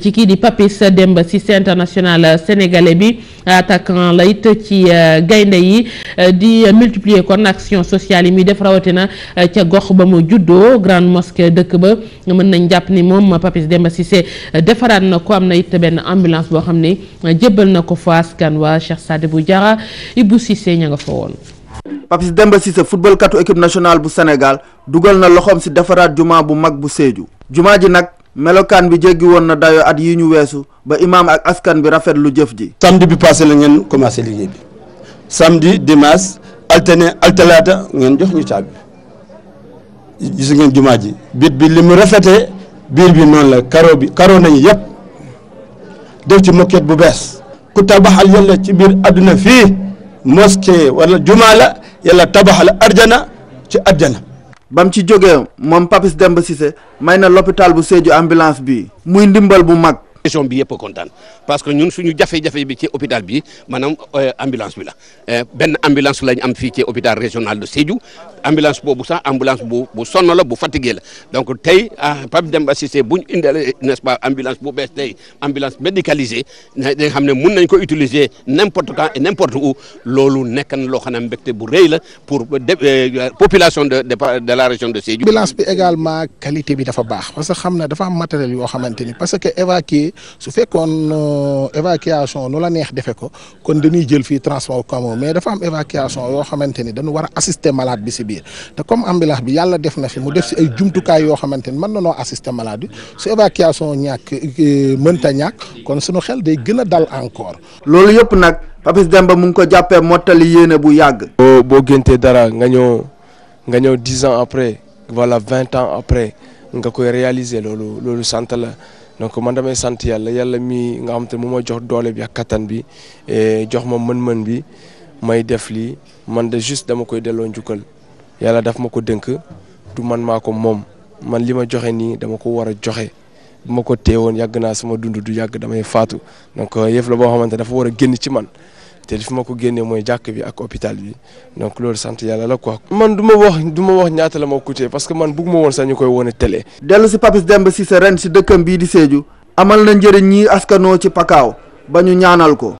ci kii di Papis Demba Cissé international sénégalais bi attaquant la it ci euh, gaynde yi euh, di multiplier kon action sociale yi muy def rawatina euh, ca gox ba mu juddoo grande mosquée dëkk ba mën nañ jàpp ni moom Papis Demba Cissé defaraat na ko am na it benn ambulance boo xam ne jébbal na ko fa askan waa Cheikh Sadibou bu Ibou Cissé ña nga fa woon. Papis Demba Cissé football katu équipe nationale bu Sénégal dugal na loxoom si defaraat jumaa bu mag bu Sédhiou melokaan bi jéggi woon na dayoo at yi ñu weesu ba imaam ak askan bi rafet lu jëf ji samedi bi passé la ngeen commencé liggéey bi samedi dimanche altine altalaata ngeen jox ñu caabi gis ngeen jumaa ji bit bi li rafete biir bi noonu la karo bi karo nañu yëpp def ci moquette bu bees ku tabaxal yàlla ci biir àdduna fii mosquée wala jumaa la yàlla tabaxal arjana ci arjana ba mu ci jógee moom Papis Demba Cissé may na loppitaal bu Sédhiou ambulance bi muy ndimbal bu mag région bi yëpp kontaan parce que ñun suñu jafe-jafe bi ci hôpital bi maanaam euh, ambulance bi la euh, benn ambulance lañ am fii ci hôpital régional de Sédhiou ambulance boobu sax ambulance bu bu sonn la bu fatigué la donc tey ah, Pape Demba Cissé bu ñu indale n'est-ce pas ambulance bu bees tey ambulance médicalisée da nga xam ne mun nañ ko utiliser n'importe quand et n'importe où loolu nekk na loo xam ne mbégte bu rëy la pour euh, population de de la région de Sédhiou. ambulance bi également qualité bi dafa baax parce que xam na dafa am matériel yoo xamante su fekkoon euh, évacuation nu la neex defee ko kon dañuy jël fii transport commun mais dafa am évacuation yoo xamante ni dañu war a assister malade bi si biir te comme ambulance bi yàlla def na fi mu def si ay jumtukaay yoo xamante ni mën na noo assister malade bi su évacuation ñàkk euh, mënta ñàkk kon suñu xel day gën a dal encore. loolu yëpp nag Papis Demba mu ngi ko jàppee mottali yéene bu yàgg. boo géntee dara nga ñëw nga ñëw dix ans après. voilà vingt ans après nga koy réaliser loolu loolu sant la donc man damay sant yàlla yàlla mi nga xam te ne moom ma jox doole bi ak bi bi eh, jox ma mën-mën bi may def lii man de juste dama koy delloo njukkal yàlla daf ma ko dënk du man maa ko moom man li ma joxe nii dama ko war a joxe bu ma ko teewoon yàgg naa suma dund du yàgg damay faatu donc yëf la boo xamante dafa war a génn ci man. te li fi ma ko génnee mooy jàkk bi ak hôpital bi donc loolu sant yàlla la quoi. man du ma wax du ma wax ñaata la ma coûté parce que man bugg ma woon sax ñu koy wone télé. dellu si Papis si sa ren si dëkkam bii di Sédhiou amal na njëriñ ñi askanoo ci pakaaw ba ñu ñaanal ko.